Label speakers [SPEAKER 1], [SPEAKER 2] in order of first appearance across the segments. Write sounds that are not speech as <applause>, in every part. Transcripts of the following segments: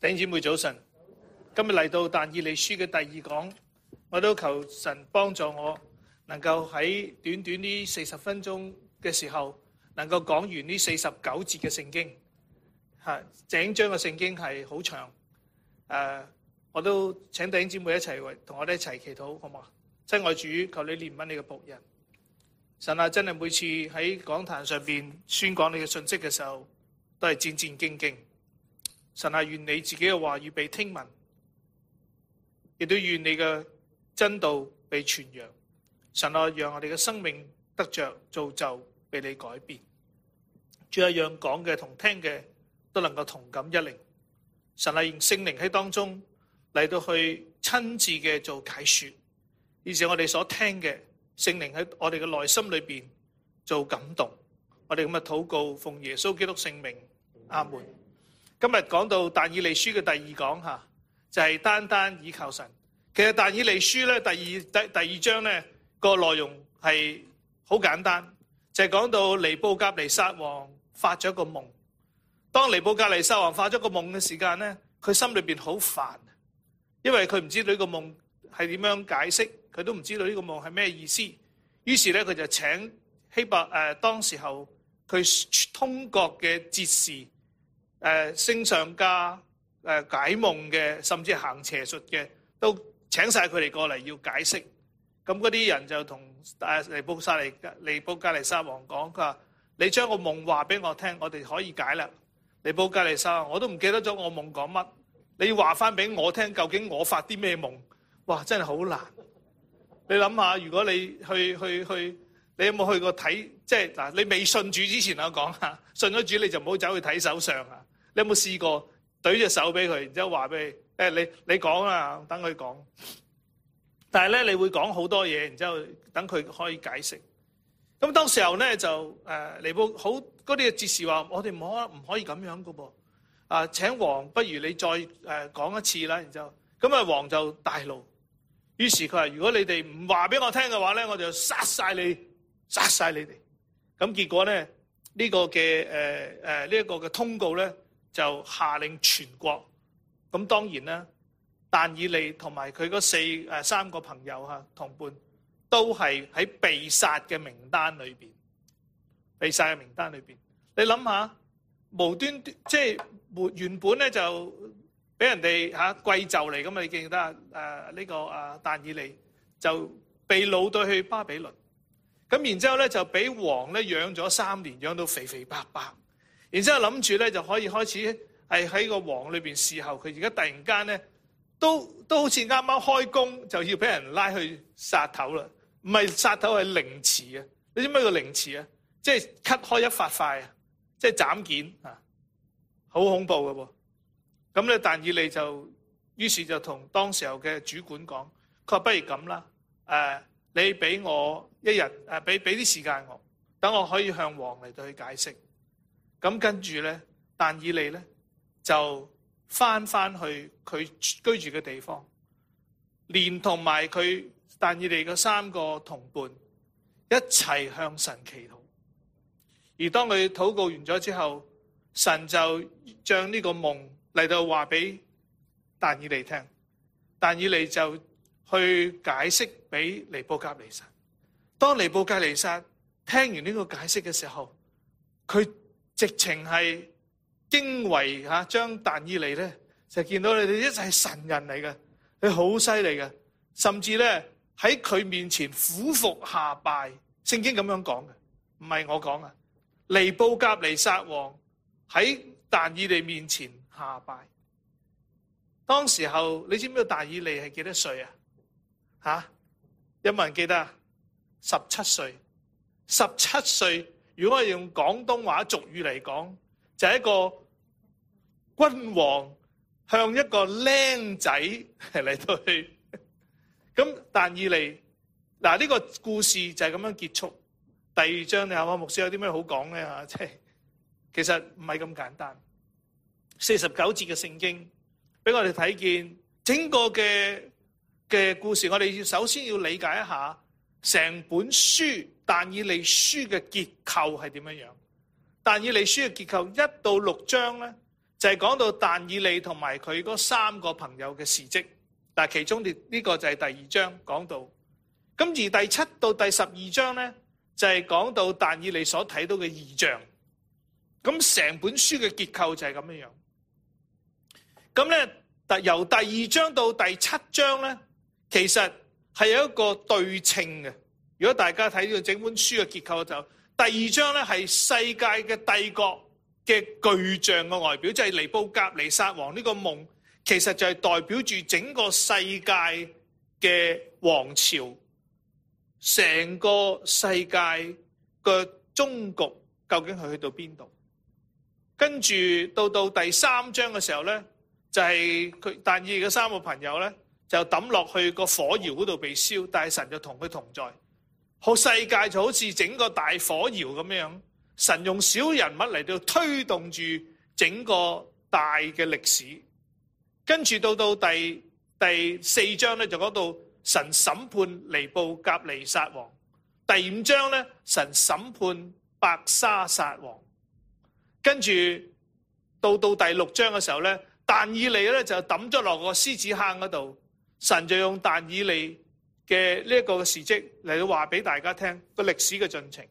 [SPEAKER 1] 弟兄姊妹早晨，今日嚟到但以理書嘅第二講，我都求神幫助我，能夠喺短短呢四十分鐘嘅時候，能夠講完呢四十九節嘅聖經。整章嘅聖經係好長，我都請弟兄姊妹一齊為同我哋一齊祈禱，好嗎？親愛主，求你憐憫你嘅僕人。神啊，真係每次喺講壇上面宣講你嘅信息嘅時候，都係戰戰兢兢。神，係願你自己嘅話語被聽聞，亦都願你嘅真道被傳揚。神啊，讓我哋嘅生命得着造就，被你改變。主啊，讓講嘅同聽嘅都能夠同感一靈。神啊，讓聖靈喺當中嚟到去親自嘅做解說，以致我哋所聽嘅聖靈喺我哋嘅內心裏邊做感動。我哋咁嘅禱告，奉耶穌基督聖名，阿門。今日講到但以理書嘅第二講嚇，就係、是、單單依靠神。其實但以理書咧第二第第二章咧個內容係好簡單，就係、是、講到尼布甲尼撒王發咗一個夢。當尼布甲尼撒王發咗個夢嘅時間咧，佢心裏邊好煩，因為佢唔知道呢個夢係點樣解釋，佢都唔知道呢個夢係咩意思。於是咧，佢就請希伯誒、呃、當時候佢通國嘅哲士。誒、呃、星相家、誒、呃、解夢嘅，甚至行邪術嘅，都請晒佢哋過嚟要解釋。咁嗰啲人就同誒、啊、尼布撒利尼布加利沙王講，佢話：你將個夢話俾我聽，我哋可以解啦。尼布加利沙，王我，我，我，加利沙王我都唔記得咗我夢講乜，你話翻俾我聽，究竟我發啲咩夢？哇！真係好難。你諗下，如果你去去去，你有冇去過睇？即係嗱，你未信主之前我講嚇，信咗主你就唔好走去睇手相啊！你有冇試過懟隻手俾佢，然之後話俾佢：誒你你講啊，等佢講。但係咧，你會講好多嘢，然之後等佢可以解釋。咁當時候咧就誒、啊、尼布好嗰啲哲士話：我哋唔可唔可以咁樣噶噃？啊請王，不如你再誒、啊、講一次啦。然之後咁啊，王就大怒。於是佢話：如果你哋唔話俾我聽嘅話咧，我就殺晒你，殺晒你哋。咁結果咧呢、這個嘅誒呢一個嘅通告咧。就下令全國，咁當然啦，但以利同埋佢嗰四誒、啊、三個朋友嚇、啊、同伴，都係喺被殺嘅名單裏邊，被殺嘅名單裏邊。你諗下，無端端即係沒原本咧就俾人哋嚇貴就嚟咁啊！你記唔記得啊？誒、這、呢個啊但以利就被擄到去巴比倫，咁然之後咧就俾王咧養咗三年，養到肥肥白白。然之後諗住咧就可以開始係喺個王裏邊侍候佢。而家突然間咧都都好似啱啱開工就要俾人拉去殺頭啦！唔係殺頭係凌遲啊！你知唔知咩叫凌遲啊？即係 cut 開一塊塊啊！即係斬件啊！好恐怖嘅噃、哦。咁咧但以理就於是就同當時候嘅主管講，佢話不如咁啦。誒、呃，你俾我一日誒，俾俾啲時間我，等我可以向王嚟到去解釋。咁跟住咧，但以理咧就返返去佢居住嘅地方，連同埋佢但以理嗰三個同伴一齊向神祈禱。而當佢禱告完咗之後，神就將呢個夢嚟到話俾但以理聽，但以理就去解釋俾尼布甲尼撒。當尼布甲尼撒聽完呢個解釋嘅時候，佢。直情係驚為嚇，將、啊、但以利咧就見到你哋一係神人嚟嘅，佢好犀利嘅，甚至咧喺佢面前俯伏下拜。聖經咁樣講嘅，唔係我講啊！尼布甲尼撒王喺但以利面前下拜。當時候你知唔知道但以利係幾多歲啊？嚇，有冇人記得啊？十七歲，十七歲。如果我哋用廣東話俗語嚟講，就係、是、一個君王向一個靚仔嚟對。咁但以嚟，嗱、這、呢個故事就係咁樣結束。第二章你有冇，牧師有啲咩好講嘅？其其實唔係咁簡單。四十九節嘅聖經俾我哋睇見整個嘅故事，我哋首先要理解一下成本書。但以理書嘅結構係點樣？但以理書嘅結構一到六章咧，就係、是、講到但以理同埋佢嗰三個朋友嘅事跡。但係其中呢、呢、這個就係第二章講到。咁而第七到第十二章咧，就係、是、講到但以理所睇到嘅異象。咁成本書嘅結構就係咁樣樣。咁咧，由第二章到第七章咧，其實係有一個對稱嘅。如果大家睇呢個整本書嘅結構，就第二章咧係世界嘅帝國嘅巨像嘅外表，即係尼布甲尼撒王呢個夢，其實就係代表住整個世界嘅王朝，成個世界嘅終局究竟係去到邊度？跟住到到第三章嘅時候咧，就係佢但二嘅三個朋友咧就抌落去個火窯嗰度被燒，但係神就同佢同在。好，世界就好似整個大火窑咁樣，神用小人物嚟到推動住整個大嘅歷史。跟住到到第第四章咧，就講到神審判尼布甲尼撒王。第五章咧，神審判白沙撒王。跟住到到第六章嘅時候咧，但以理咧就抌咗落個獅子坑嗰度，神就用但以理，嘅呢一個嘅事蹟嚟到話俾大家聽個歷史嘅進程，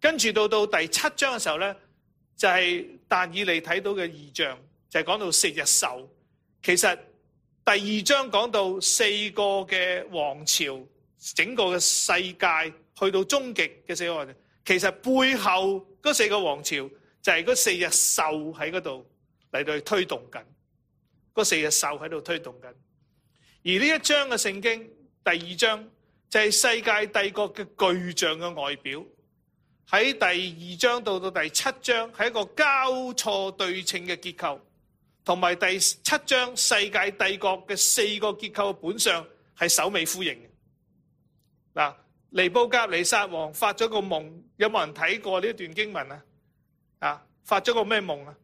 [SPEAKER 1] 跟住到到第七章嘅時候咧，就係、是、但以理睇到嘅異象，就係、是、講到四日獸。其實第二章講到四個嘅王朝，整個嘅世界去到終極嘅四個王朝，其實背後嗰四個王朝就係、是、嗰四日獸喺嗰度嚟到推動緊，嗰四日獸喺度推動緊。而呢一章嘅聖經。第二章就係世界帝國嘅巨像嘅外表，喺第二章到到第七章係一個交錯對稱嘅結構，同埋第七章世界帝國嘅四個結構本相係首尾呼應嘅。嗱，尼布甲尼撒王發咗個夢，有冇人睇過呢一段經文啊？啊，發咗個咩夢啊？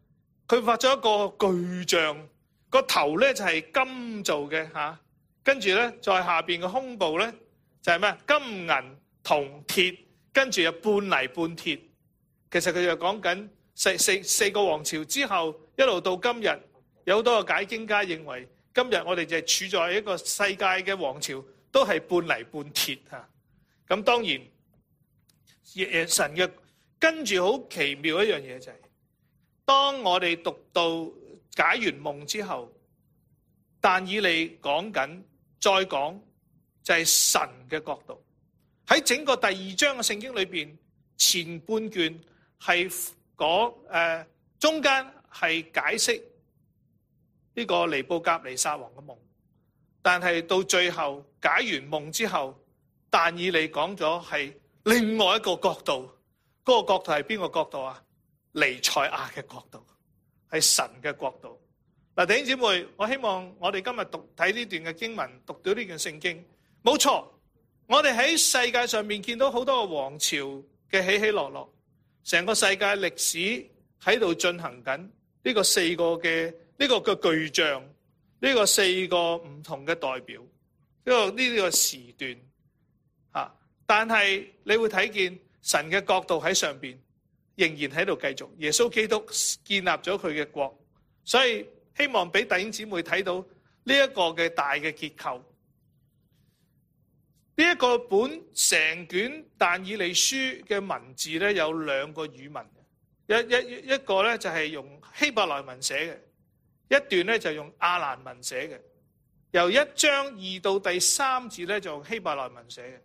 [SPEAKER 1] 佢發咗一個巨像，個頭咧就係金做嘅吓。啊跟住咧，在下邊嘅胸部咧就係、是、咩？金銀銅鐵，跟住又半泥半鐵。其實佢就講緊四四四個王朝之後，一路到今日，有好多個解經家認為今日我哋就係處在一個世界嘅王朝，都係半泥半鐵吓。咁、啊嗯、當然，誒神嘅跟住好奇妙一樣嘢就係、是，當我哋讀到解完夢之後，但以理講緊。再講就係、是、神嘅角度，喺整個第二章嘅聖經裏邊，前半卷係講誒，中間係解釋呢個尼布甲尼撒王嘅夢，但係到最後解完夢之後，但以利講咗係另外一個角度，嗰個角度係邊個角度啊？尼采亞嘅角度，係神嘅角度。嗱，弟兄姊妹，我希望我哋今日讀睇呢段嘅經文，讀到呢段聖經，冇錯。我哋喺世界上面見到好多個王朝嘅起起落落，成個世界歷史喺度進行緊呢、呢個四個嘅呢、呢個嘅巨像，呢、呢個四個唔同嘅代表呢、呢個呢、呢個時段吓。但係你會睇見神嘅國度喺上邊仍然喺度繼續，耶穌基督建立咗佢嘅國，所以。希望俾弟兄姊妹睇到呢一個嘅大嘅結構。呢、呢、一個本成卷但以理書嘅文字咧有兩個語文。一一一,一個咧就係用希伯來文寫嘅，一段咧就是用亞蘭文寫嘅。由一章二到第三節咧就是用希伯來文寫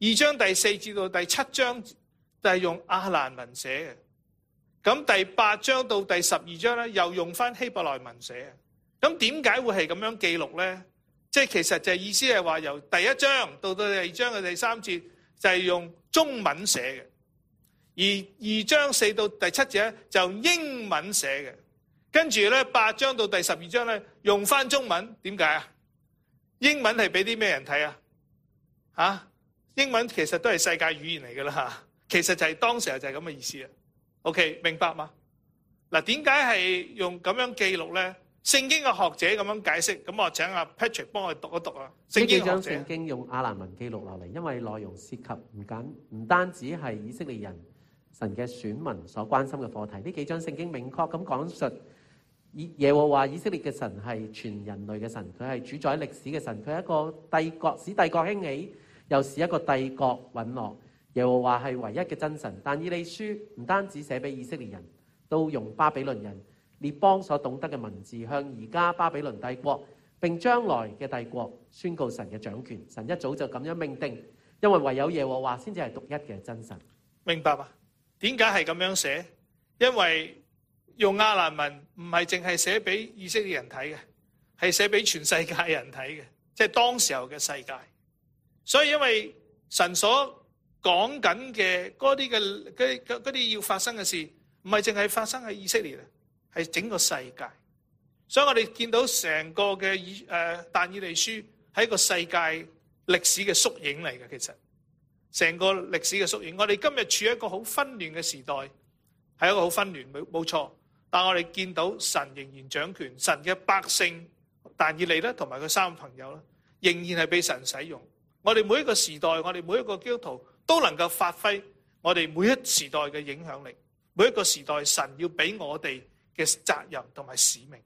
[SPEAKER 1] 嘅，二章第四節到第七章就係用亞蘭文寫嘅。咁第八章到第十二章咧，又用翻希伯來文寫。咁點解會係咁樣記錄咧？即係其實就意思係話，由第一章到到第二章嘅第三節就係用中文寫嘅，而二章四到第七節就英文寫嘅。跟住咧，八章到第十二章咧用翻中文，點解啊？英文係俾啲咩人睇啊？嚇，英文其實都係世界語言嚟㗎啦嚇。其實就係當時就係咁嘅意思啊。OK，明白嘛？嗱，點解係用咁樣記錄咧？聖經嘅學者咁樣解釋，咁我請阿 Patrick 幫我哋讀一讀啊。呢幾章聖
[SPEAKER 2] 經用亞蘭文記錄落嚟，因為內容涉及唔僅唔單止係以色列人神嘅選民所關心嘅課題，呢幾章聖經明確咁講述以耶和華以色列嘅神係全人類嘅神，佢係主宰歷史嘅神，佢係一個帝國使帝國興起，又使一個帝國隕落。耶和華係唯一嘅真神，但以理書唔單止寫俾以色列人，都用巴比倫人列邦所懂得嘅文字，向而家巴比倫帝國並將來嘅帝國宣告神嘅掌權。神一早就咁樣命定，因為唯有耶和華先至係獨一嘅真神，明白嗎？
[SPEAKER 1] 點解係咁樣寫？因為用亞蘭文唔係淨係寫俾以色列人睇嘅，係寫俾全世界人睇嘅，即係當時候嘅世界。所以因為神所講緊嘅嗰啲嘅嗰啲啲要發生嘅事，唔係淨係發生喺以色列啊，係整個世界。所以我哋見到成個嘅以誒但以理書係一個世界歷史嘅縮影嚟嘅。其實成個歷史嘅縮影。我哋今日處喺一個好紛亂嘅時代，係一個好紛亂，冇冇錯。但係我哋見到神仍然掌權，神嘅百姓但以理咧，同埋佢三個朋友咧，仍然係畀神使用。我哋每一個時代，我哋每一個基督徒。都能夠發揮我哋每一個時代嘅影響力，每一個時代神要俾我哋嘅責任同埋使命。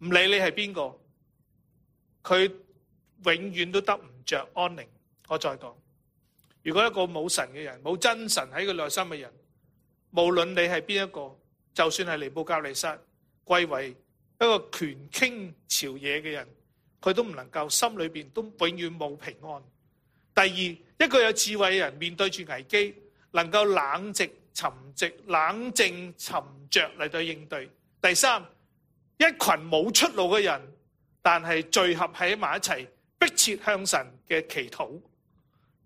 [SPEAKER 1] 唔理你係邊個，佢永遠都得唔着安寧。我再講，如果一個冇神嘅人，冇真神喺佢內心嘅人，無論你係邊一個，就算係尼布甲尼撒，貴為一個權傾朝野嘅人，佢都唔能夠心裏邊都永遠冇平安。第二，一個有智慧嘅人面對住危機，能夠冷靜沉寂、冷靜沉着嚟到應對。第三。一群冇出路嘅人，但係聚合喺埋一齊，迫切向神嘅祈禱。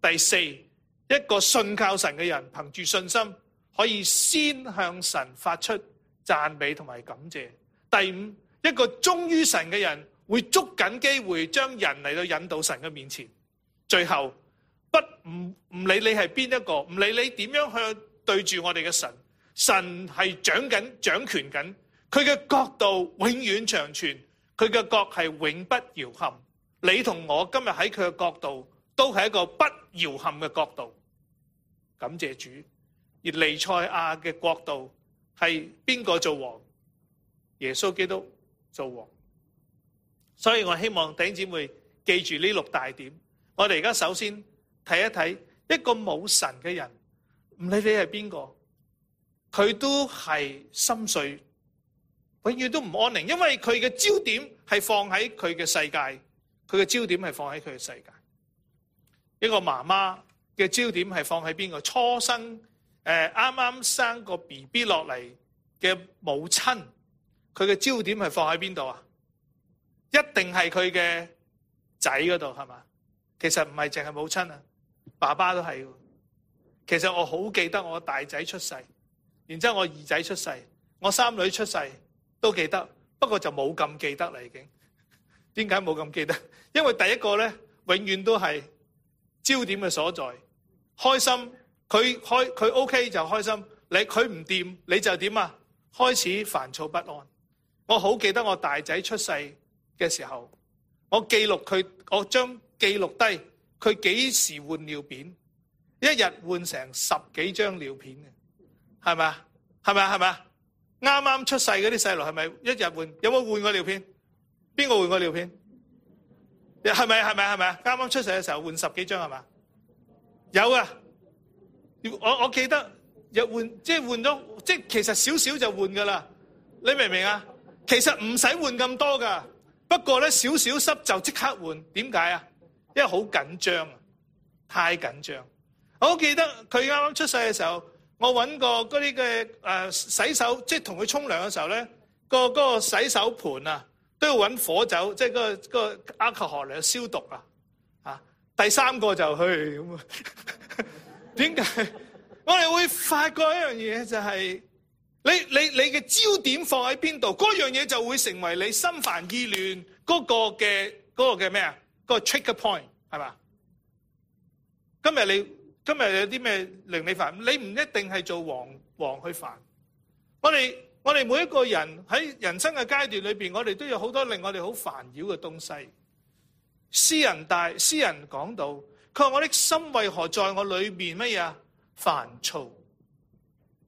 [SPEAKER 1] 第四，一個信靠神嘅人，憑住信心可以先向神發出讚美同埋感謝。第五，一個忠於神嘅人會捉緊機會，將人嚟到引導神嘅面前最後，不唔唔理你係邊一個，唔理你點樣向對住我哋嘅神，神係掌緊掌權緊。掌權佢嘅國度永遠長存，佢嘅國係永不搖撼。你同我今日喺佢嘅國度，都係一個不搖撼嘅國度，感謝主。而彌賽亞嘅國度係邊個做王？耶穌基督做王。所以我希望弟兄姊妹記住呢六大點。我哋而家首先睇一睇一個冇神嘅人，唔理你係邊個，佢都係心碎。永遠都唔安寧，因為佢嘅焦點係放喺佢嘅世界，佢嘅焦點係放喺佢嘅世界。一個媽媽嘅焦點係放喺邊個？初生誒，啱、呃、啱生個 BB 落嚟嘅母親，佢嘅焦點係放喺邊度啊？一定係佢嘅仔嗰度係嘛？其實唔係淨係母親啊，爸爸都係。其實我好記得我大仔出世，然之後我二仔出世，我三女出世。都記得，不過就冇咁記得啦。已經點解冇咁記得？因為第一個咧，永遠都係焦點嘅所在。開心，佢開佢 OK 就開心。你佢唔掂，你就點啊？開始煩躁不安。我好記得我大仔出世嘅時候，我記錄佢，我將記錄低佢幾時換尿片，一日換成十幾張尿片嘅，係咪啊？係咪啊？係咪啊？啱啱出世嗰啲細路係咪一日換有冇換過尿片？邊個換過尿片？係咪係咪係咪啊？啱啱出世嘅時候換十幾張係嘛？有啊，我我記得又換即係換咗即係其實少少就換㗎啦。你明唔明啊？其實唔使換咁多㗎。不過咧少少濕就即刻換。點解啊？因為好緊張啊，太緊張。我記得佢啱啱出世嘅時候。我揾個嗰啲嘅誒洗手，即係同佢沖涼嘅時候咧，嗰個、嗰個洗手盤啊，都要揾火酒，即係、嗰、嗰個嗰、嗰個 alcohol 嚟去消毒啊！嚇，第三個就去咁啊？點解？點解 <laughs> 我哋會發覺一樣嘢就係、係，你你你嘅焦點放喺邊度，嗰樣嘢就會成為你心煩意亂嗰個嘅嗰個嘅咩啊？嗰個嗰個 trigger point 係嘛？今日你。今日有啲咩令你煩？你唔一定係做王王去煩。我哋我哋每一個人喺人生嘅階段裏面，我哋都有好多令我哋好煩擾嘅東西。詩人大詩人講到：佢話我的心為何在我裏面，乜嘢啊？煩躁。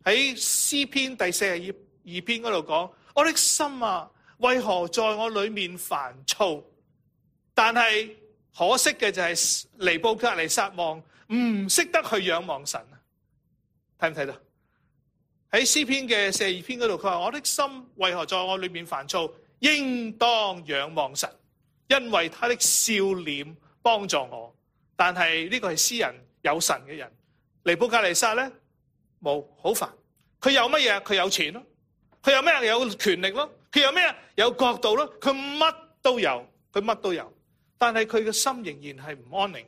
[SPEAKER 1] 喺詩篇第四十二篇嗰度講：我的心啊，為何在我裏面煩躁？但係可惜嘅就係尼布甲尼撒王。」唔識得去仰望神啊？睇唔睇到？喺詩篇嘅四二篇嗰度，佢話：我的心為何在我裏面煩躁？應當仰望神，因為他的笑臉幫助我。但係呢個係詩人有神嘅人，尼布甲尼撒咧？冇，好煩。佢有乜嘢？佢有錢咯。佢有咩？有權力咯。佢有咩？有角度咯。佢乜都有，佢乜都有。但係佢嘅心仍然係唔安寧。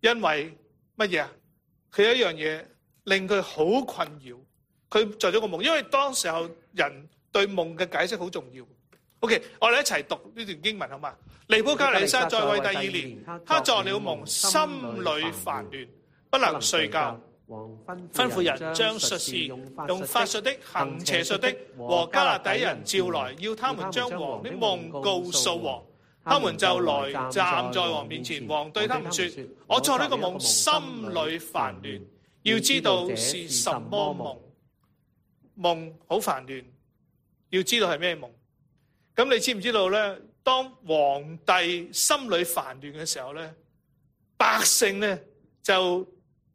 [SPEAKER 1] 因為乜嘢啊？佢有一樣嘢令佢好困擾，佢做咗個夢。因為當時候人對夢嘅解釋好重要。OK，我哋一齊讀呢段經文好嘛？尼布甲尼撒在位第二年，他做了夢，心裏煩亂，不能睡覺，王吩咐人將術士、用法術的、行邪術的和迦勒底人召來，要他們將王的夢告訴王。他們就來站在王面前，王對他們說，說我做呢個夢，心裏煩亂，要知道是什麼夢。夢好煩亂，要知道係咩夢。咁你知唔知道呢？當皇帝心裏煩亂嘅時候呢，百姓呢就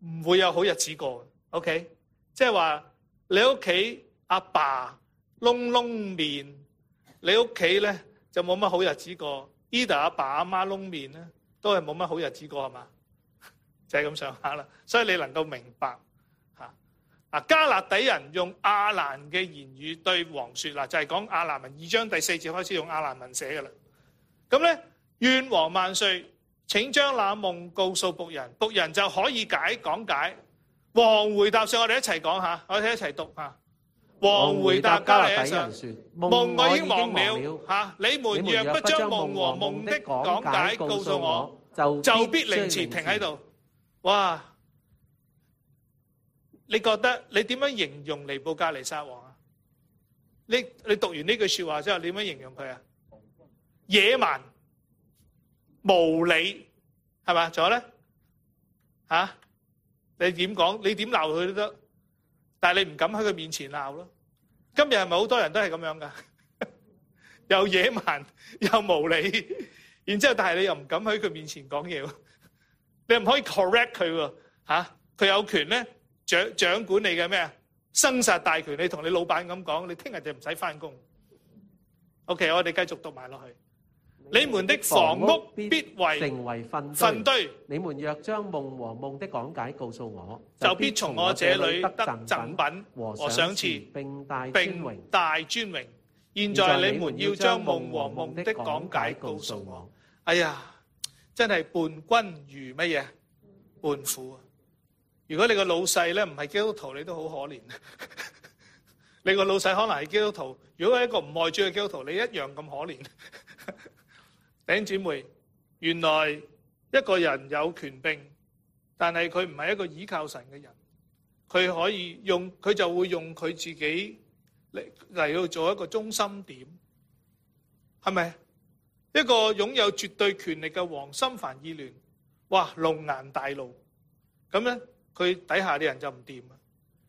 [SPEAKER 1] 唔會有好日子過。OK，即係話你屋企阿爸窿窿面，你屋企呢就冇乜好日子過。i d 阿爸阿媽窿面咧，都係冇乜好日子過係嘛？就係咁上下啦，所以你能夠明白嚇啊！加勒底人用阿蘭嘅言語對王説，嗱，就係講阿蘭文二章第四節開始用阿蘭文寫嘅啦。咁咧，願王萬歲！請將那夢告訴僕人，僕人就可以解講解。王回答上，我哋一齊講下，我哋一齊讀嚇。王回答迦勒底人說:夢我已經忘了，哈，你們若不將夢和夢的講解告訴我，就必凌遲，停喺度。哇！你覺得你點樣形容尼布甲尼撒王啊？你，你讀完呢句說話之後，點樣形容佢啊？野蠻、無理，係嘛？仲有咧？吓？你點講？你點鬧佢都得？但係你唔敢喺佢面前鬧囉。今日係咪好多人都係咁樣㗎？ <laughs> 又野蠻又無理，然之後但係你又唔敢喺佢面前講嘢喎。 <laughs> 你唔可以 correct 佢喎。佢有權呢，掌，掌管你嘅咩？生殺大權。你同你老闆咁講，你聽日就唔使返工。OK，我哋繼續讀埋落去。你們的房屋
[SPEAKER 2] 必成為糞糞堆。你們若將夢和夢的講解告訴我，就必從我這裏得贈贈品和賞賜，
[SPEAKER 1] 並並大尊榮。現在你們要將夢和夢的講解告訴我。哎呀，真係伴君如乜嘢？伴虎啊！如果你個老細咧唔係基督徒，你都好可憐。你個老細可能係基督徒，如果係一個唔愛主嘅基督徒，你一樣咁可憐。頂姊妹，原來一個人有權柄，但係佢唔係一個倚靠神嘅人。佢可以用佢就會用佢自己嚟嚟到做一個中心點，係咪一個擁有絕對權力嘅王，心煩意亂哇！龍顏大怒咁咧，佢底下啲人就唔掂啦。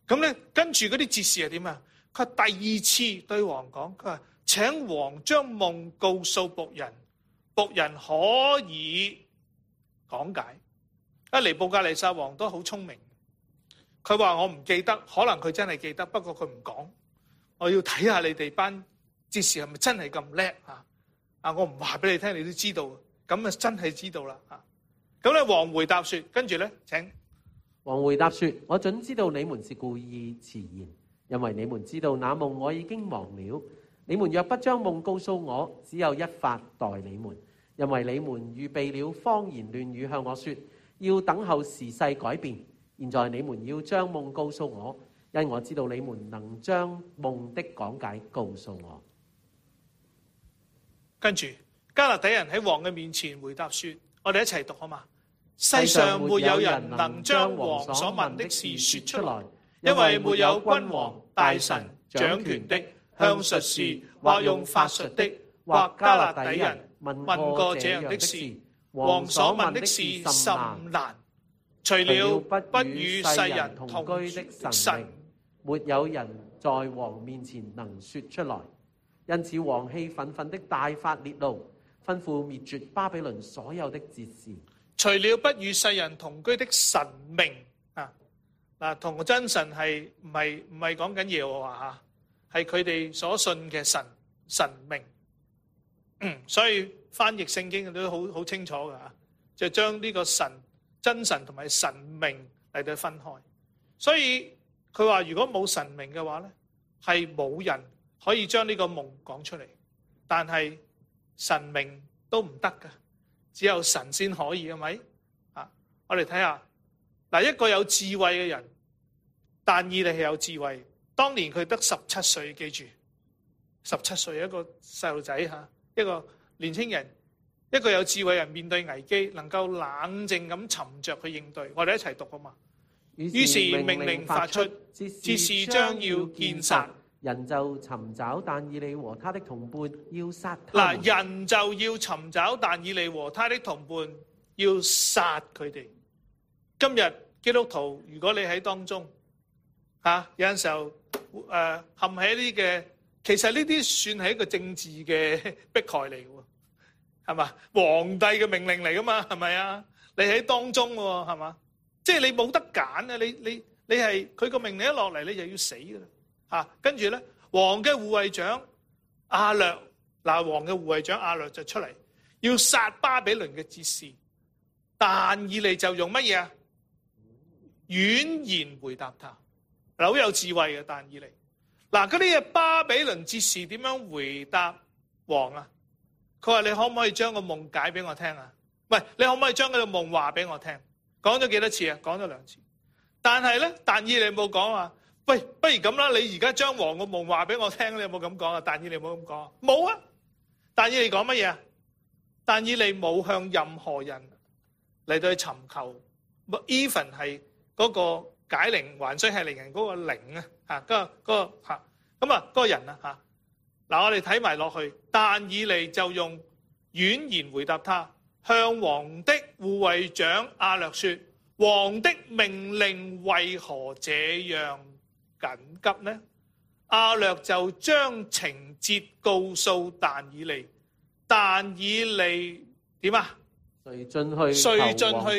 [SPEAKER 1] 咁咧，跟住嗰啲哲士係點啊？佢第二次對王講，佢話請王將夢告訴僕人。僕人可以講解，尼布甲尼撒王都好聰明。佢話我唔記得，可能佢真係記得，不過佢唔講。我要睇下你哋班哲士係咪真係咁叻啊？啊，我唔話
[SPEAKER 2] 俾你聽，你都知道，咁咪真係知道啦啊！咁咧，王回答說，跟住咧，請。王回答說，我準知道你們是故意遲延，因為你們知道那夢我已經忘了。你們若不將夢告訴我，只有一法待你們。因為你們預備了謊言亂語向我說，要等候時勢改變。現在你們要將夢告訴我，因我知道你們能將夢的講解告訴我。
[SPEAKER 1] 跟住加勒底人喺王嘅面前回答說，我哋一齊讀好嘛？
[SPEAKER 2] 世上沒有人
[SPEAKER 1] 能將王所問的事說出來，因為沒有君王、大臣掌權的，向術士或用法術的，或加勒底人。問過這樣的事，王所問的事甚
[SPEAKER 2] 難。除了不與世人同居的神，沒有人在王面前能說出來。因此，王氣憤憤的大發烈怒，吩咐滅絕巴比倫所有的哲士。除
[SPEAKER 1] 了不與世人同居的神明啊，嗱，同真神係唔係唔係講緊耶和華吓，係佢哋所信嘅神神明。嗯，所以翻譯聖經都好好清楚噶，就將呢個神、真神同埋神明嚟到分開。所以佢話如果冇神明嘅話咧，係冇人可以將呢個夢講出嚟。但係神明都唔得噶，只有神先可以係咪？啊，我哋睇下嗱，一個有智慧嘅人，但以理有智慧。當年佢得十七歲，記住十七歲一個細路仔吓。一個年輕人，一個有智慧人面對危機，能夠冷靜咁沉着去應對。我哋一齊讀啊嘛。
[SPEAKER 2] 於是命令發出，哲士將要見殺。人就尋找但以理和他的同伴要殺他。人就
[SPEAKER 1] 要尋找但以理和他的同伴要殺佢哋。今日基督徒，如果你喺當中，啊、有時候誒陷喺啲嘅。呃其實呢啲算係一個政治嘅迫害嚟嘅喎，係嘛？皇帝嘅命令嚟噶嘛？係咪啊？你喺當中喎，係嘛？即係你冇得揀嘅，你你你係佢個命令一落嚟，你就要死噶啦吓。跟住咧，王嘅護衛長阿略嗱，王嘅護衛長阿略就出嚟要殺巴比倫嘅哲士，但以理就用乜嘢啊？婉言回答他，好有智慧嘅但以理。嗱，嗰啲嘢巴比倫哲士點樣回答王啊？佢話，你可唔可以將個夢解俾我聽啊？喂，你可唔可以將佢個夢話俾我聽？講咗幾多次啊？講咗兩次，但係咧，但以理冇講啊？喂，不如咁啦，你而家將王個夢話俾我聽，你有冇咁講啊？但以理冇咁講，冇啊！但以理講乜嘢啊？但以理冇向任何人嚟到去尋求，even 係嗰個。解鈴還需繫鈴人嗰個鈴啊，嚇，個個嚇，咁啊，嗰個人啊，嚇，嗱，我哋睇埋落去，但以理就用婉言回答他，向王的護衛長亞略說：王的命令為何這樣緊急呢？亞略就將情節告訴但以理，但以理點啊？
[SPEAKER 2] 遂進去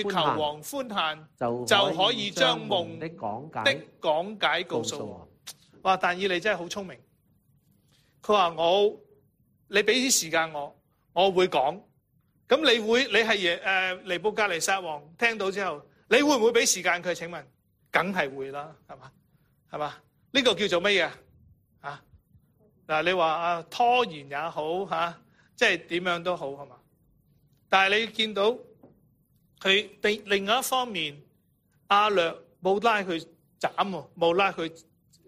[SPEAKER 2] 求王
[SPEAKER 1] 寬限，就就可以將夢的講解告訴我。哇！但以理你真係好聰明，佢話我，你俾啲時間我，我會講。咁你會，你係誒、啊、尼布甲尼撒王聽到之後，你會唔會俾時間佢？請問，梗係會啦，係嘛，係嘛？呢、這個叫做乜嘢啊？嗱、啊，你話啊拖延也好吓、啊，即係點樣都好係嘛？是吧但係你見到佢另另外一方面，亞略冇拉佢斬喎，冇拉佢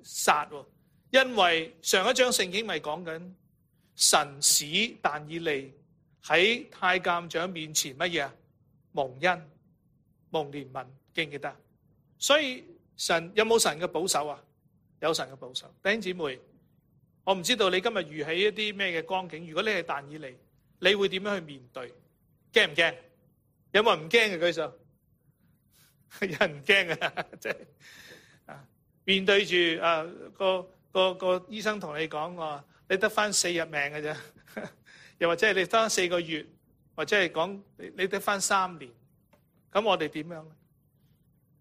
[SPEAKER 1] 殺喎，因為上一章聖經咪講緊神使但以利喺太監長面前乜嘢啊？蒙恩、蒙憐憫，記唔記得？所以神有冇神嘅保守啊？有神嘅保守。弟兄姊妹，我唔知道你今日遇起一啲咩嘅光景。如果你係但以利，你會點樣去面對？驚唔驚？有冇人唔驚嘅舉手？有人唔驚嘅，即係啊！面對住啊個個個醫生同你講，我話你得翻四日命嘅啫，又或者係你得翻四個月，或者係講你你得翻三年，咁我哋點樣咧？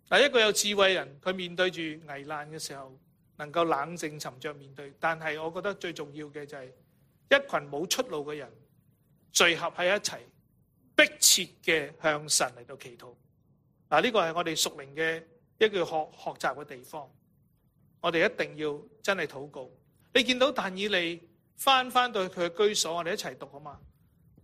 [SPEAKER 1] 嗱，一個有智慧人，佢面對住危難嘅時候，能夠冷靜沉着面對。但係我覺得最重要嘅就係，一群冇出路嘅人聚合喺一齊。迫切嘅向神嚟到祈禱，嗱，呢個係我哋屬靈嘅一句學學習嘅地方，我哋一定要真係禱告。你見到但以利翻翻到佢嘅居所，我哋一齊讀啊嘛。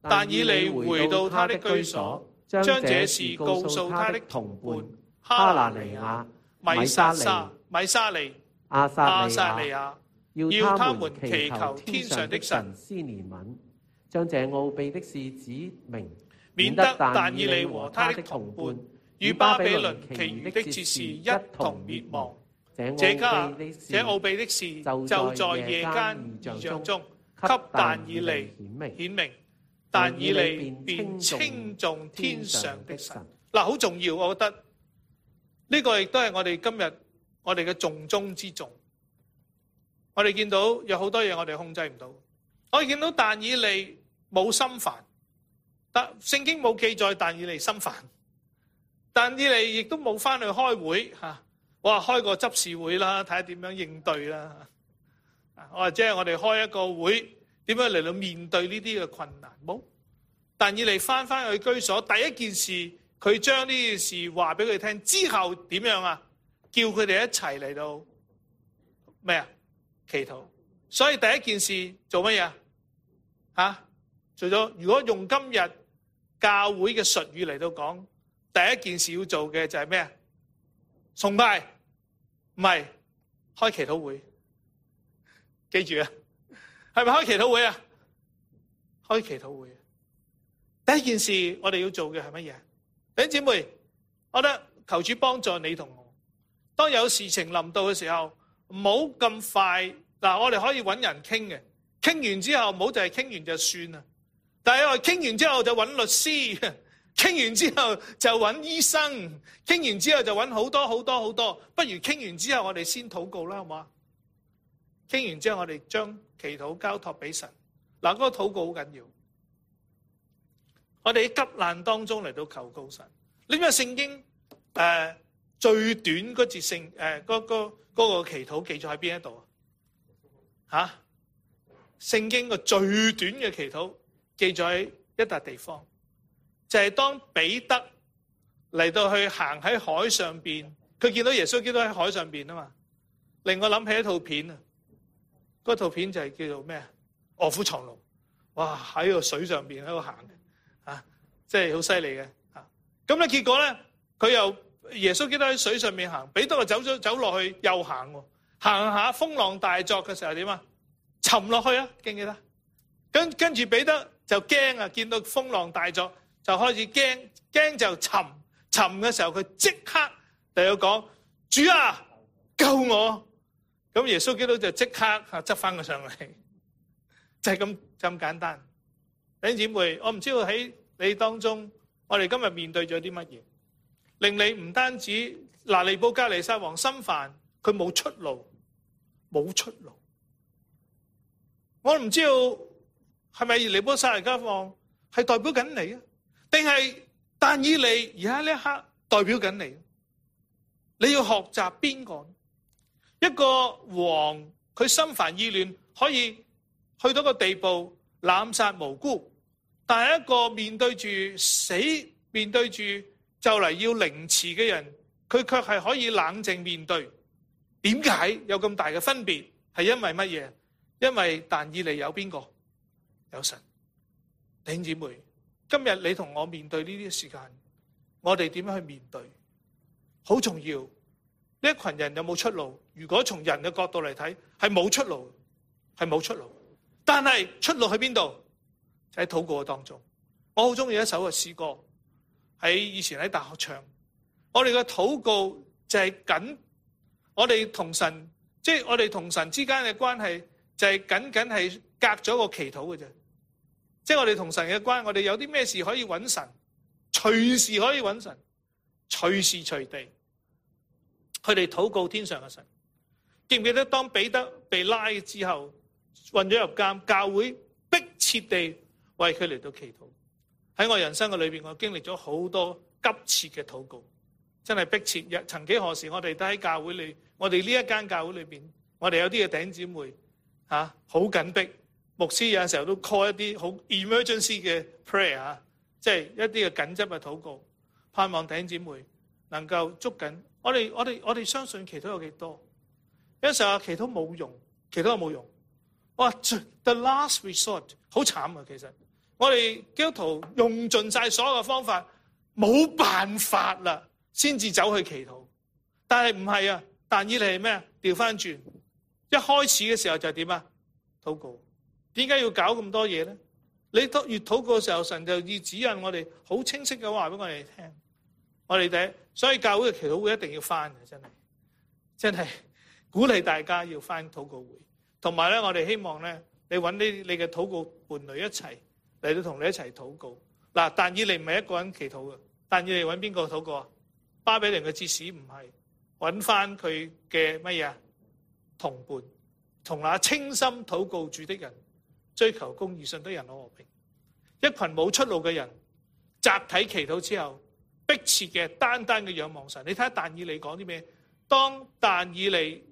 [SPEAKER 2] 但以利回到他的居所，將這事告訴他的
[SPEAKER 1] 同伴，的同伴哈拿尼雅、
[SPEAKER 2] 米沙利、
[SPEAKER 1] 米沙利、
[SPEAKER 2] 亞撒利雅，要他們祈求天上的神施憐憫，將這奧秘的事指明。免得但以利和他的同伴與巴比倫其餘的哲
[SPEAKER 1] 士一同滅亡。這加亞、這奧秘的事就在夜間異象中給但以利顯明。但以利便稱頌天上的神。嗱，好重要，我覺得呢個亦都係我哋今日我哋嘅重中之重。我哋見到有好多嘢我哋控制唔到。我見到但以利冇心煩。但聖經冇記載，但以理心煩，但以理亦都冇翻去開會嚇。我、啊、話開個執事會啦，睇下點樣應對啦。啊、或者我話即係我哋開一個會，點樣嚟到面對呢啲嘅困難冇、啊？但以理翻翻去居所，第一件事佢將呢件事話俾佢聽之後點樣啊？叫佢哋一齊嚟到咩啊？祈禱。所以第一件事做乜嘢啊？除做咗。如果用今日教會嘅術語嚟到講，第一件事要做嘅就係咩啊？崇拜，唔係，開祈禱會。記住啊，係咪開祈禱會啊？開祈禱會啊。第一件事我哋要做嘅係乜嘢？弟兄姐妹，我覺得求主幫助你同我。當有事情臨到嘅時候，唔好咁快。嗱，我哋可以揾人傾嘅，傾完之後唔好就係傾完就算啦。但係我哋傾完之後就揾律師，傾完之後就揾醫生，傾完之後就揾好多好多好多。不如傾完之後我哋先禱告啦，好嘛？傾完之後我哋將祈禱交託俾神。嗱、嗰個禱告好緊要。我哋喺急難當中嚟到求告神。你知唔知聖經誒、呃、最短嗰節聖誒嗰、呃嗰個嗰、嗰個祈禱記載喺邊一度啊？吓，聖經個最短嘅祈禱。記載一笪地方，就係當彼得嚟到去行喺海上邊，佢見到耶穌基督喺海上邊啊嘛。令我諗起一套片啊，嗰套片就係叫做咩啊？臥虎藏龍，哇喺個水上邊喺度行啊，即係好犀利嘅啊。咁咧結果咧，佢又耶穌基督喺水上面行，彼得就走咗走落去又行，行下風浪大作嘅時候點啊？沉落去啊，記唔記得？跟跟住彼得就驚啊！見到風浪大咗，就開始驚，驚就沉沉嘅時候，佢即刻就要講主啊救我！咁耶穌基督就即刻啊執翻佢上嚟，就係咁就咁簡單。弟兄姊妹，我唔知道喺你當中，我哋今日面對咗啲乜嘢，令你唔單止拿尼布甲尼撒王心煩，佢冇出路，冇出路。我唔知道。係咪尼布甲尼撒而家放？係代表緊你啊？定係但以利而家呢一刻代表緊你？你要學習邊個？一個王佢心煩意亂，可以去到個地步濫殺無辜，但係一個面對住死、面對住就嚟要凌遲嘅人，佢卻係可以冷靜面對。點解有咁大嘅分別？係因為乜嘢？因為但以利有邊個？有神，弟兄姊妹，今日你同我面對呢啲時間，我哋點樣去面對？好重要。呢一群人有冇出路？如果從人嘅角度嚟睇，係冇出路，係冇出路。但係出路喺邊度？就係禱告嘅當中。我好中意一首嘅詩歌，喺以前喺大學唱。我哋嘅禱告就係緊我哋同神，即係我哋同神之間嘅關係，就係僅僅係隔咗個祈禱嘅啫。我哋同神嘅關係，我哋有啲咩事可以搵神？隨時可以搵神，隨時隨地，佢哋禱告天上嘅神。記唔記得當彼得被拉之後，困咗入監，教會迫切地為佢嚟到祈禱。喺我人生嘅裏邊，我經歷咗好多急切嘅禱告，真係迫切。曾幾何時，我哋都喺教會裏，我哋呢一間教會裏邊，我哋有啲嘅頂姊妹，吓、啊、好緊迫。牧師有時候都 call 一啲好 emergency 嘅 prayer 嚇，即係一啲嘅緊急嘅禱告，就是，盼望弟兄姊妹能夠捉緊。我哋我哋我哋相信祈禱有幾多？有時候祈禱冇用，祈禱又冇用。哇，the last resort 好慘啊！其實我哋基督徒用盡晒所有嘅方法，冇辦法啦，先至走去祈禱。但係唔係啊？但以理係咩？掉翻轉，一開始嘅時候就係點啊？禱告。點解要搞咁多嘢咧？你越禱告嘅時候，神就要指引我哋好清晰咁話俾我哋聽。我哋第一，所以教會嘅祈禱會一定要翻嘅，真係真係鼓勵大家要翻禱告會。同埋咧，我哋希望咧，你揾啲你嘅禱告伴侶一齊嚟到同你一齊禱告。嗱，但以理唔係一個人祈禱嘅，但以理揾邊個禱告啊？巴比倫嘅哲士唔係揾翻佢嘅乜嘢啊？同伴同那清心禱告主的人。追求公義、信德、仁愛、和平，一群冇出路嘅人，集體祈禱之後，迫切嘅單單嘅仰望神。你睇下但以利講啲咩？當但以利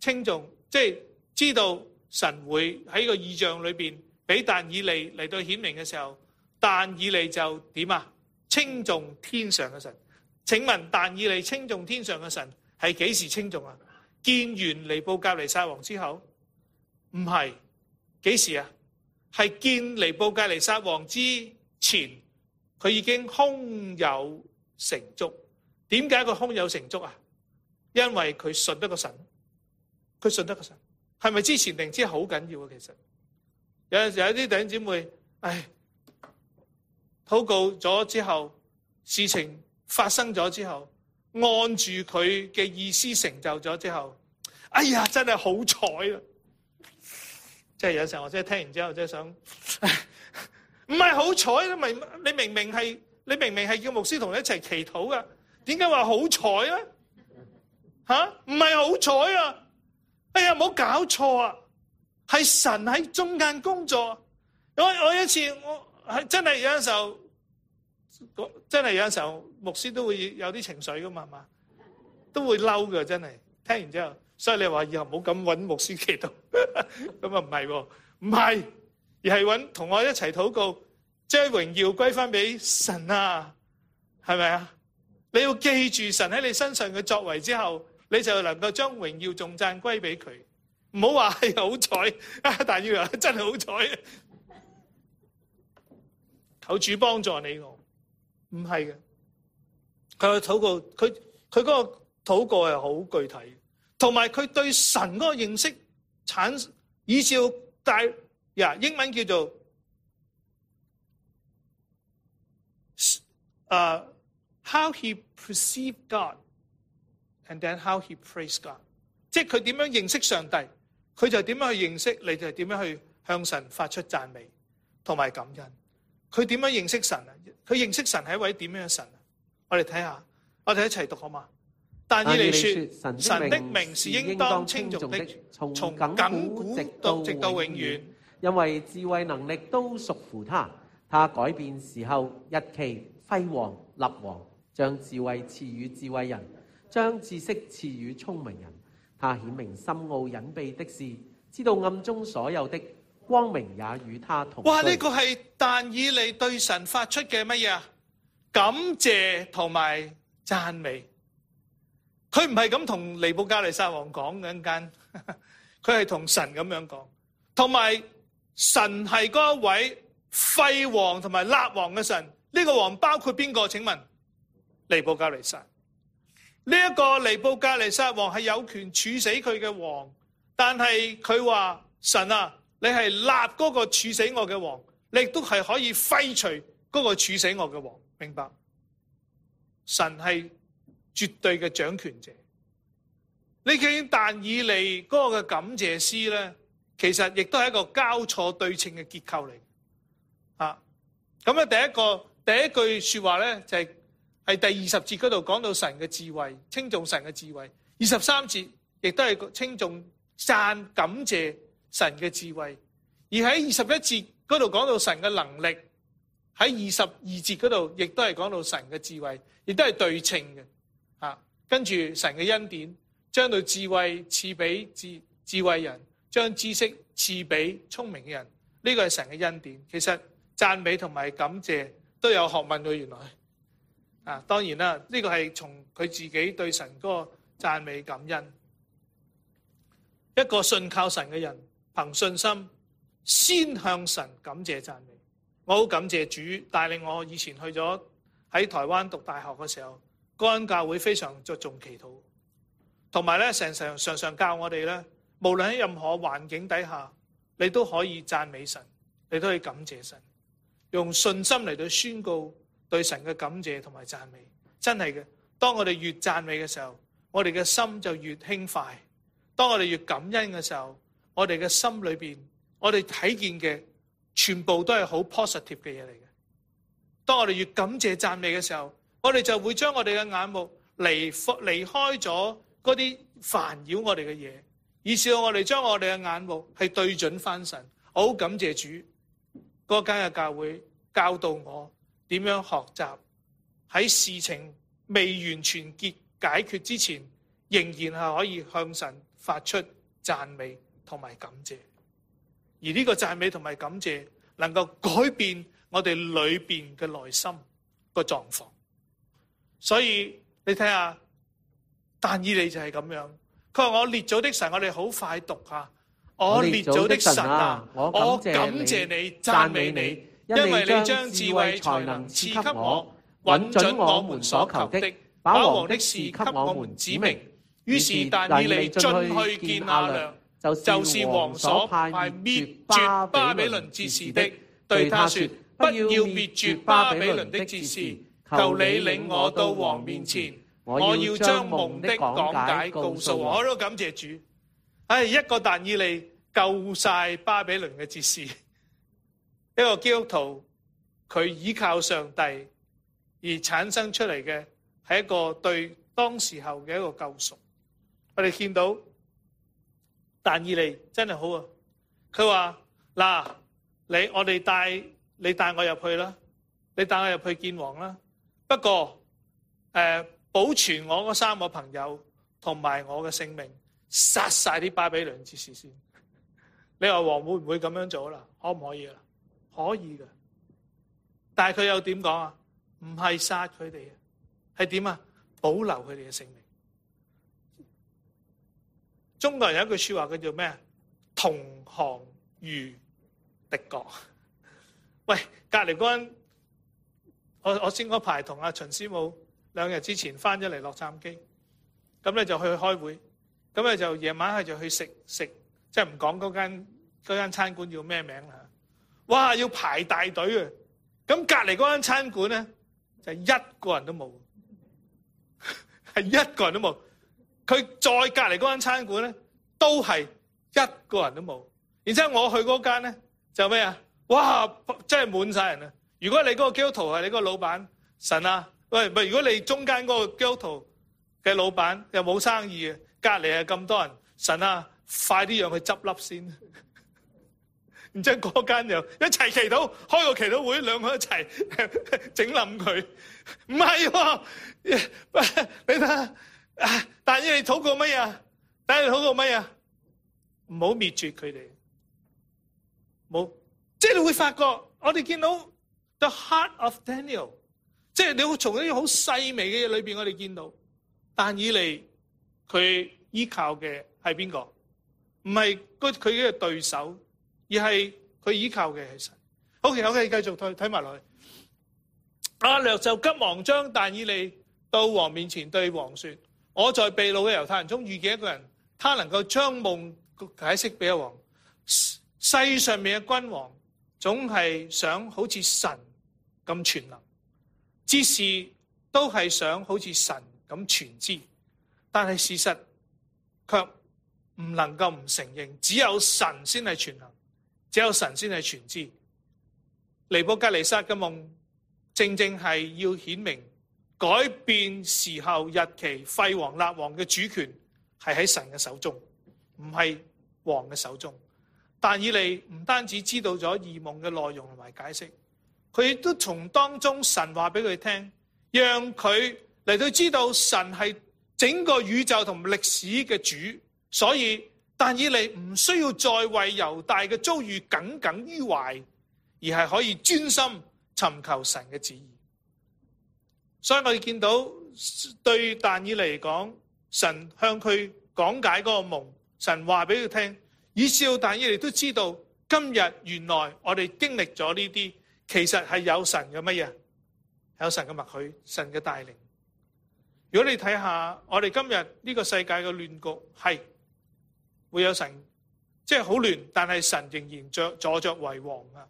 [SPEAKER 1] 稱頌，即係知道神會喺個異象裏面俾但以利嚟到顯明嘅時候，但以利就點啊？稱頌天上嘅神。請問但以利稱頌天上嘅神係幾時稱頌啊？見完尼布甲尼撒王之後，唔係。.幾時啊？係見尼布甲尼撒王之前，佢已經胸有成竹。點解佢胸有成竹啊？因為佢信得個神，佢信得個神。係咪之前定之後好緊要啊？其實有陣時有啲頂姐妹，唉，禱告咗之後，事情發生咗之後，按住佢嘅意思成就咗之後，哎呀，真係好彩啊！即係有時候，我即係聽完之後，即係想，唔係好彩明你明明係，你明明係叫牧師同你一齊祈禱噶，點解話好彩呢？嚇，唔係好彩啊！哎呀，冇搞錯啊！係神喺中間工作。我我一次我真係有陣時候，真係有陣時候牧師都會有啲情緒噶嘛，係嘛？都會嬲噶，真係聽完之後。所以你話以後唔好咁搵牧師祈禱，咁 <laughs> 啊唔係，唔係，而係搵同我一齊禱告，將、就是、榮耀歸翻俾神啊，係咪啊？你要記住神喺你身上嘅作為之後，你就能夠將榮耀仲讚歸俾佢，唔好話係好彩，但要話，真係好彩，求主幫助你我，唔係嘅，佢個禱告，佢佢嗰個禱告係好具體的。同埋佢對神嗰個認識，產以照大呀、yeah, 英文叫做誒、uh，how he perceive God，and then how he praise God，即係佢點樣認識上帝，佢就點樣去認識你，你就點樣去向神發出讚美同埋感恩。佢點樣認識神啊？佢認識神係一位點樣嘅神？我哋睇下，我哋一齊讀，好嘛？
[SPEAKER 2] 但以理說，說，神的名是應當稱頌的，從亙古直到永遠，因為智慧能力都屬乎他。他改變時候、日期、廢王，立王，將智慧賜予智慧人，將知識賜予聰明人，他顯明深奧隱秘的事，知道暗中所有的，光明也與他同。哇！呢、這個
[SPEAKER 1] 係但以理對神發出嘅乜嘢？感謝同埋讚美。佢唔係咁同尼布加尼撒王講嘅，佢係同神咁樣講。同埋神係嗰一位廢王同埋立王嘅神。呢個王包括邊個？請問尼布加尼撒呢一個尼布加尼撒王係有權處死佢嘅王，但係佢話神啊，你係立嗰個處死我嘅王，你都係可以廢除嗰個處死我嘅王。明白？神係。絕對嘅掌權者，你件但以理嗰個嘅感謝詩咧，其實亦都係一個交錯對稱嘅結構嚟。啊，咁啊，第一個第一句説話咧就係、是、係第二十節嗰度講到神嘅智慧，稱頌神嘅智慧；二十三節亦都係稱頌讚感謝神嘅智慧，而喺二十一節嗰度講到神嘅能力；喺二十二節嗰度亦都係講到神嘅智慧，亦都係對稱嘅。跟住神嘅恩典，將對智慧賜俾智智慧人，將知識賜俾聰明嘅人。呢個係神嘅恩典。其實讚美同埋感謝都有學問嘅，原來啊，當然啦，呢個係從佢自己對神嗰個讚美感恩。一個信靠神嘅人，憑信心先向神感謝讚美。我好感謝主帶領我以前去咗喺台灣讀大學嘅時候。干教會非常着重祈禱，同埋咧成常常常教我哋咧，無論喺任何環境底下，你都可以讚美神，你都可以感謝神，用信心嚟到宣告對神嘅感謝同埋讚美。真係嘅，當我哋越讚美嘅時候，我哋嘅心就越輕快；當我哋越感恩嘅時候，我哋嘅心裏面，我哋睇見嘅全部都係好 positive 嘅嘢嚟嘅。當我哋越感謝讚美嘅時候，我哋就會將我哋嘅眼目離離開咗嗰啲煩擾我哋嘅嘢，而使我哋將我哋嘅眼目係對準返神。好感謝主，嗰間嘅教會教導我點樣學習喺事情未完全結解決之前，仍然係可以向神發出讚美同埋感謝。而呢個讚美同埋感謝，能夠改變我哋裏邊嘅內心個狀況。所以你睇下，但以理就係咁樣。佢話，我列祖的神，我哋好快讀下。我列祖的神啊，我感謝你，讚美你，因為你將智慧才能賜給我，允准我們所求的，把王的事給我們指明。於是但以理進去見亞略，
[SPEAKER 2] 就是王所派滅絕巴比倫
[SPEAKER 1] 哲士的，對他說：不要滅絕巴比倫的哲士。求你領我到王面前，我要將夢的講解告訴我，我都感謝主。唉、哎，一個但以理救晒巴比倫嘅哲士，一個基督徒佢依靠上帝而產生出嚟嘅係一個對當時候嘅一個救贖。我哋見到但以理真係好啊！佢話嗱，你我哋帶你帶我入去啦，你帶我入去，去見王啦。不過，誒、呃，保存我嗰三個朋友同埋我嘅性命，殺晒啲巴比倫哲士先。你話王會唔會咁樣做啦？可唔可以啦？可以噶。但係佢又點講啊？唔係殺佢哋啊，係點啊？保留佢哋嘅性命。中國人有一句說話叫做咩啊？同行如敵國。喂，隔籬嗰。我我先嗰排同阿秦師母兩日之前翻咗嚟洛杉磯，咁咧就去開會，咁咧就夜晚係就去食食，即係唔講嗰間嗰間餐館叫咩名啦。哇，要排大隊啊！咁隔離嗰間餐館咧，就是、一個人都冇，係一個人都冇。佢再隔離嗰間餐館咧，都係一個人都冇。然之後我去嗰間咧，就咩、是、啊？哇，真係滿晒人啊！如果你嗰個基督徒係你嗰個老闆，神啊，喂，如果你中間嗰個基督徒嘅老闆又冇生意隔籬係咁多人，神啊，快啲讓佢執笠先，唔 <laughs> 知嗰間又一齊祈禱開個祈禱會，兩個一齊整冧佢，唔 <laughs> 係、啊，你睇，但係你討過乜嘢？但你討過乜嘢？唔好滅絕佢哋，冇，即係你會發覺，我哋見到。The heart of Daniel，即係你會從呢啲好細微嘅嘢裏邊我哋見到但以理佢依靠嘅係邊個？唔係佢佢嘅對手，而係佢依靠嘅係神。好，OK 我哋繼續睇睇埋落去。阿、啊、略就急忙將但以理到王面前對王說：「我在被擄嘅猶太人中遇見一個人，他能夠將夢解釋俾王。世上面嘅君王。總係想好似神咁全能，之事都係想好似神咁全知，但係事實卻唔能夠唔承認，只有神先係全能，只有神先係全知。尼布甲尼撒嘅夢，正正係要顯明改變時候、日期、廢王立王嘅主權係喺神嘅手中，唔係王嘅手中。但以利唔單止知道咗異夢嘅內容同埋解釋，佢亦都從當中神話俾佢聽，讓佢嚟到知道神係整個宇宙同歷史嘅主。所以但以利唔需要再為猶大嘅遭遇耿耿於懷，而係可以專心尋求神嘅旨意。所以我哋見到對但以利嚟講，神向佢講解嗰個夢，神話俾佢聽。以少但以理都知道，今日原來我哋經歷咗呢啲，其實係有神嘅乜嘢，有神嘅默許，神嘅帶領。如果你睇下我哋今日呢個世界嘅亂局，係會有神，即係好亂，但係神仍然坐坐著，著為王啊！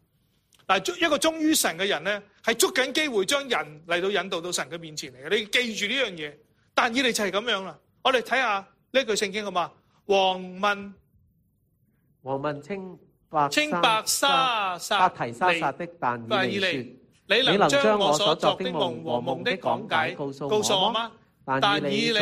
[SPEAKER 1] 嗱，一個忠於神嘅人咧，係捉緊機會將人嚟到引導到神嘅面前嚟嘅。你記住呢樣嘢，但以理就係咁樣啦。我哋睇下呢句聖經好嘛，王問。王問
[SPEAKER 2] 清白，清白沙、伯提沙、撒的，但以理你能將我所作的夢和夢的講解告訴我嗎？但以理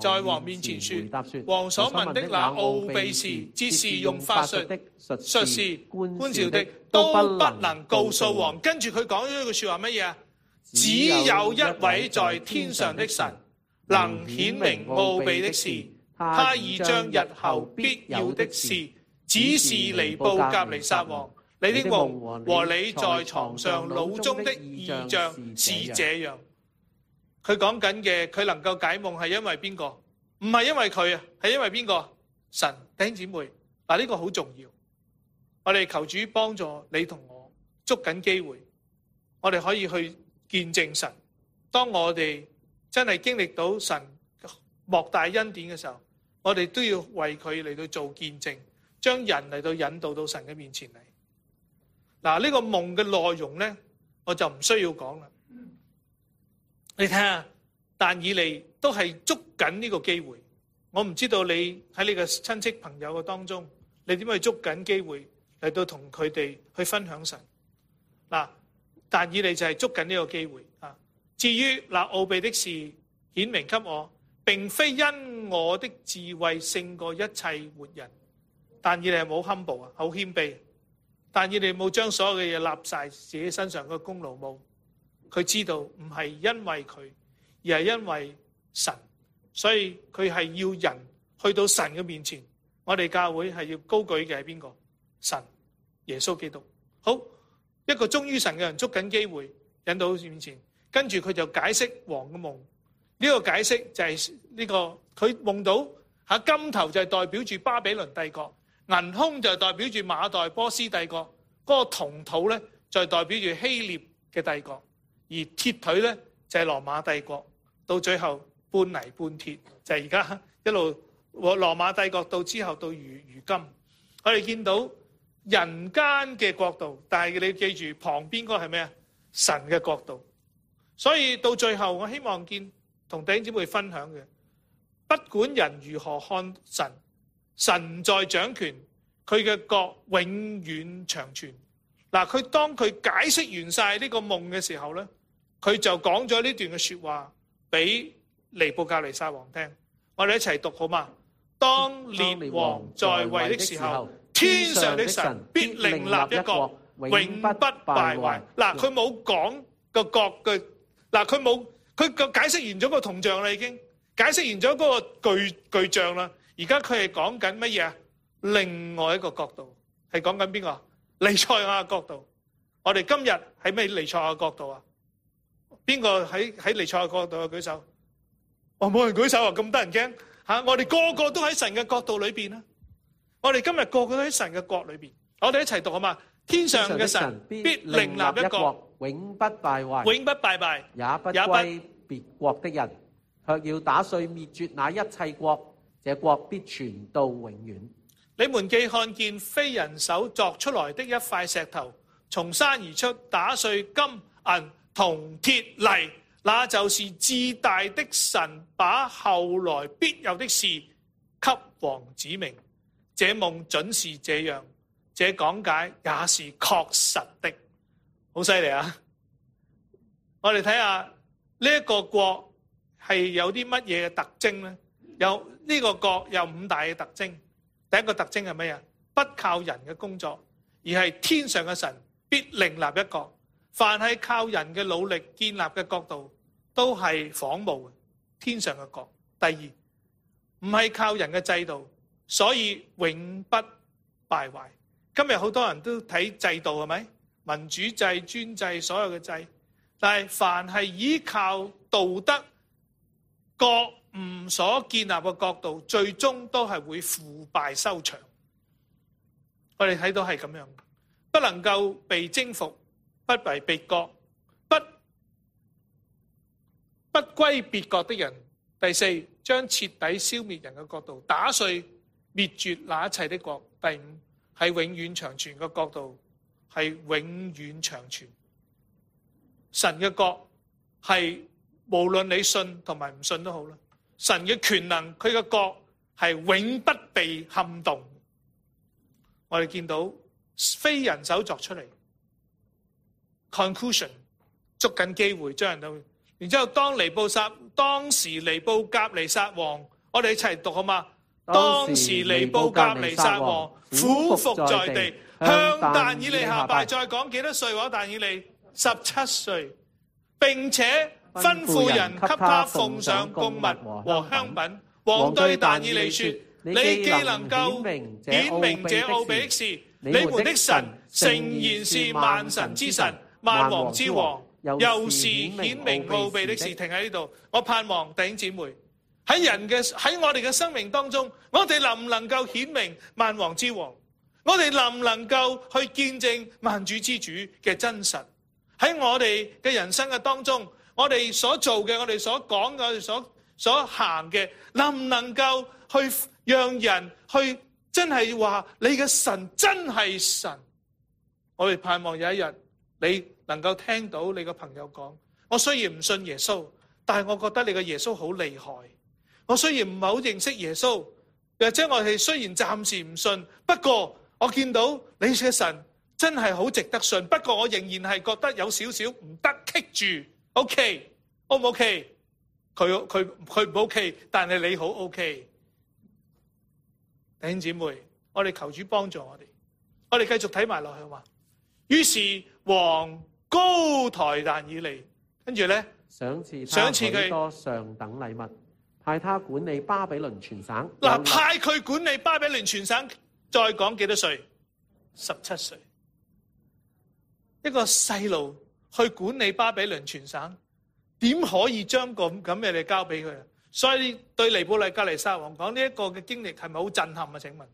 [SPEAKER 1] 在王面前說，說，王所問的那奧秘事，只是用法術，術士、觀兆的，都不能告訴王。跟住佢講咗一句說話，乜嘢啊？只有一位在天上的神，上的神能顯明奧秘的事，他已將日後必要的事。只是尼布甲尼撒王，你的夢和你在床上腦中的異象，是這樣。佢講緊嘅，佢能夠解夢係因為邊個？唔係因為佢啊，係因為邊個？神。弟兄姊妹，嗱，呢個好重要。我哋求主幫助你同我捉緊機會，我哋可以去見證神。當我哋真係經歷到神莫大恩典嘅時候，我哋都要為佢嚟到做見證。將人嚟到引導到神嘅面前嚟，嗱，呢、這個夢嘅內容咧，我就唔需要講啦。你睇下，但以理都係捉緊呢個機會。我唔知道你喺你嘅親戚朋友嘅當中，你點樣去捉緊機會嚟到同佢哋去分享神，嗱，但以理就係捉緊呢個機會啊。至於那，奧秘的事顯明給我，並非因我的智慧勝過一切活人。但佢哋係冇 humble 啊，好謙卑。但佢哋冇將所有嘅嘢立晒自己身上嗰個功勞冇。佢知道唔係因為佢，而係因為神。所以佢係要人去到神嘅面前。我哋教會係要高舉嘅係邊個？神耶穌基督。好一個忠於神嘅人，捉緊機會引到面前。跟住佢就解釋王嘅夢。呢個解釋就係呢個佢夢到喺金頭就係代表住巴比倫帝國。銀空就代表住馬代波斯帝國，嗰、那個銅土呢就代表住希臘嘅帝國，而鐵腿呢就係、是、羅馬帝國。到最後半泥半鐵，就係而家一路羅馬帝國到之後到如如今，我哋見到人間嘅國度，但係你記住旁邊個係咩啊？神嘅國度。所以到最後我希望見同弟兄姐妹分享嘅，不管人如何看神。神在掌權，佢嘅國永遠長存。嗱，佢當佢解釋完晒呢個夢嘅時候咧，佢就講咗呢段嘅說話俾尼布甲尼撒王聽。我哋一齊讀好嘛？當列王在位嘅時候，天上的神必另立一個，永不敗壞。嗱，佢冇講個國嘅，嗱佢冇佢嘅解釋完咗個銅像啦，已經解釋完咗嗰個，個巨巨像啦。而家佢係講緊乜嘢？另外一個角度係講緊邊個？尼賽亞角度。我哋今日喺咩尼賽亞的角度啊？邊個喺喺尼賽亞角度啊？舉手。哦，冇人舉手啊！咁得人驚嚇。我哋個個都喺神嘅角度裏邊啊。我哋今日個個都喺神嘅
[SPEAKER 2] 國裏邊。我哋一齊讀啊嘛。天上嘅神必另立，立，立，立一國，永不敗壞，永不敗敗，也不歸別國的人，卻要打碎滅絕那一切國。嘅國必存到永遠。你們既看見非
[SPEAKER 1] 人手作出來的一塊石頭從山而出，打碎金銀銅鐵泥，那就是至大的神把後來必有的事給王指明。這夢準是這樣，這講解也是確實的。好犀利啊！我哋睇下呢一，這個國係有啲乜嘢嘅特徵呢？有。呢個國有五大嘅特徵，第一個特徵係咩啊？不靠人嘅工作，而係天上嘅神必另立一國。凡係靠人嘅努力建立嘅國度，都係仿冒嘅天上嘅國。第二，唔係靠人嘅制度，所以永不敗壞。今日好多人都睇制度係咪民主制、專制所有嘅制，但係凡係依靠道德國。唔所建立嘅國度，最終都係會腐敗收場。我哋睇到係咁樣的，不能夠被征服，不為別國，不不歸別國的人。第四，將徹底消滅人嘅國度，打碎滅絕那一切的國。第五，係永遠長存嘅國度，係永遠長存。神嘅國，係無論你信同埋唔信都好啦。神嘅權能，佢嘅國係永不被撼動。我哋見到非人手作出嚟。Conclusion，捉緊機會將人到。然之後，當尼布撒當時尼布甲尼撒王，我哋一齊讀好嘛？當時尼布甲尼撒王俯伏在，在地，向但以利下拜。再講幾多歲喎？但以利十七歲。並且。吩咐人給他奉上供物和香品。王對但以利說：你既能夠
[SPEAKER 2] 顯明這奧秘的事，
[SPEAKER 1] 你們的神誠然是萬神之神、萬王之王，又是顯明奧秘的事。停喺呢度，我盼望弟兄姊妹喺人嘅喺我哋嘅生命當中，我哋能唔能夠顯明萬王之王？我哋能唔能夠去見證萬主之主嘅真實？喺我哋嘅人生嘅當中。我哋所做嘅，我哋所講嘅，我哋所所行嘅，能唔能夠去讓人去真係話你嘅神真係神？我哋盼望有一日你能夠聽到你個朋友講：我雖然唔信耶穌，但係我覺得你嘅耶穌好厲害。我雖然唔係好認識耶穌，又即係我哋雖然暫時唔信，不過我見到你嘅神真係好值得信。不過我仍然係覺得有少少唔得棘住。O K，O 唔 O K，佢佢佢唔 O K，但係你好 O K。弟兄姊妹，我哋求主幫助我哋，我哋繼續睇埋落去嘛。於是王高抬但以理，
[SPEAKER 2] 跟住咧，賞賜他許多上等禮物，派他管理巴比倫全省。嗱，派
[SPEAKER 1] 佢管理巴比倫全省，再講幾多歲？十七歲，一個細路。去管理巴比倫全省，點可以將咁咁嘅嘢交俾佢啊？所以對尼布甲尼撒王講呢一個嘅經歷係咪好震撼啊？請問，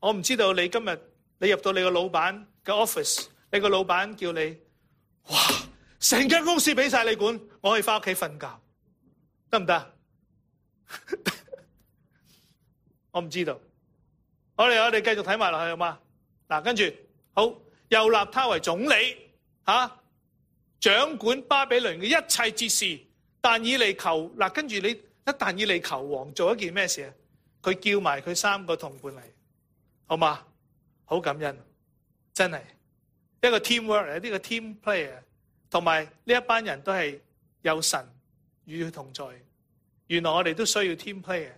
[SPEAKER 1] 我唔知道你今日你入到你個老闆嘅 office，你個老闆叫你，哇，成間公司俾晒你管，我可以翻屋企瞓覺，得唔得啊？我唔知道。我哋我哋繼續睇埋落去好嘛？嗱，跟住好，又立他為總理。啊！掌管巴比倫嘅一切之事，但以理求嗱、啊，跟住你一旦以理求王做一件咩事啊？佢叫埋佢三個同伴嚟，好嗎？好感恩，真係一個 teamwork 啊，呢個 team player，同埋呢一班人都係有神與佢同在。原來我哋都需要 team player，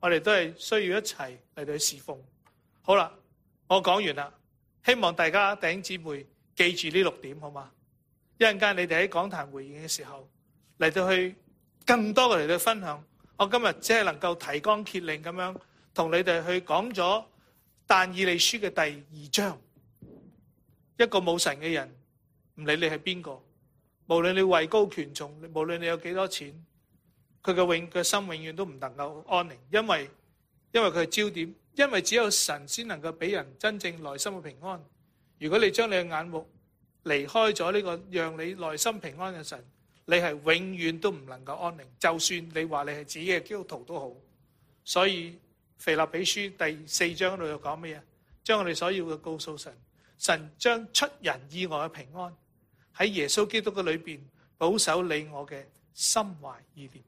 [SPEAKER 1] 我哋都係需要一齊嚟到去侍奉。好啦，我講完啦，希望大家弟兄姊妹，記住呢六點好嘛？一陣間你哋喺講壇回應嘅時候嚟到去更多嘅嚟到分享。我今日只係能夠提綱挈領咁樣同你哋去講咗但以理書嘅第二章。一個冇神嘅人，唔理你係邊個，無論你位高權重，無論你有幾多錢，佢嘅永嘅心永遠都唔能夠安寧，因為因為佢係焦點，因為只有神先能夠俾人真正內心嘅平安。如果你將你嘅眼目離開咗呢個讓你內心平安嘅神，你係永遠都唔能夠安寧。就算你話你係自己嘅基督徒都好。所以腓立比書第四章嗰度又講咩啊？將我哋所要嘅告訴神，神將出人意外嘅平安喺耶穌基督嘅裏邊保守你我嘅心懷意念。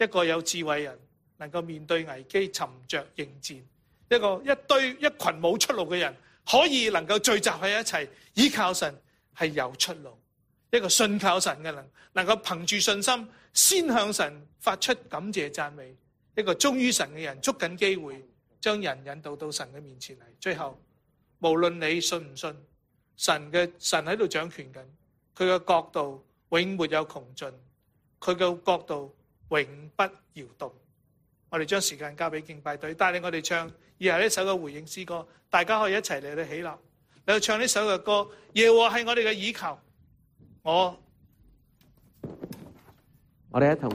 [SPEAKER 1] 一個有智慧人能夠面對危機沉着迎戰，一個一堆一群冇出路嘅人。可以能夠聚集喺一齊，依靠神係有出路。一個信靠神嘅人，能夠憑住信心，先向神發出感謝讚美。一個忠於神嘅人，捉緊機，捉緊機會將人引導到神嘅面前嚟。最後，無論你信唔信，神嘅神喺度掌權緊，佢嘅國度永沒有窮盡，佢嘅國度永不搖動。我哋將時間交俾敬拜隊帶領我哋唱以下呢首嘅回應詩歌，大家可以一齊嚟到起立，嚟到唱呢首嘅歌。耶和華係我哋嘅倚靠，我，我哋一
[SPEAKER 2] 同。